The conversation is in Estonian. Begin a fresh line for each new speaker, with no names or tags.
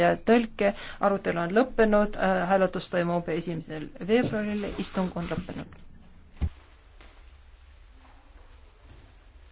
ja tõlke. arutelu on lõppenud, äh, hääletus toimub esimesel veebruaril, istung on lõppenud.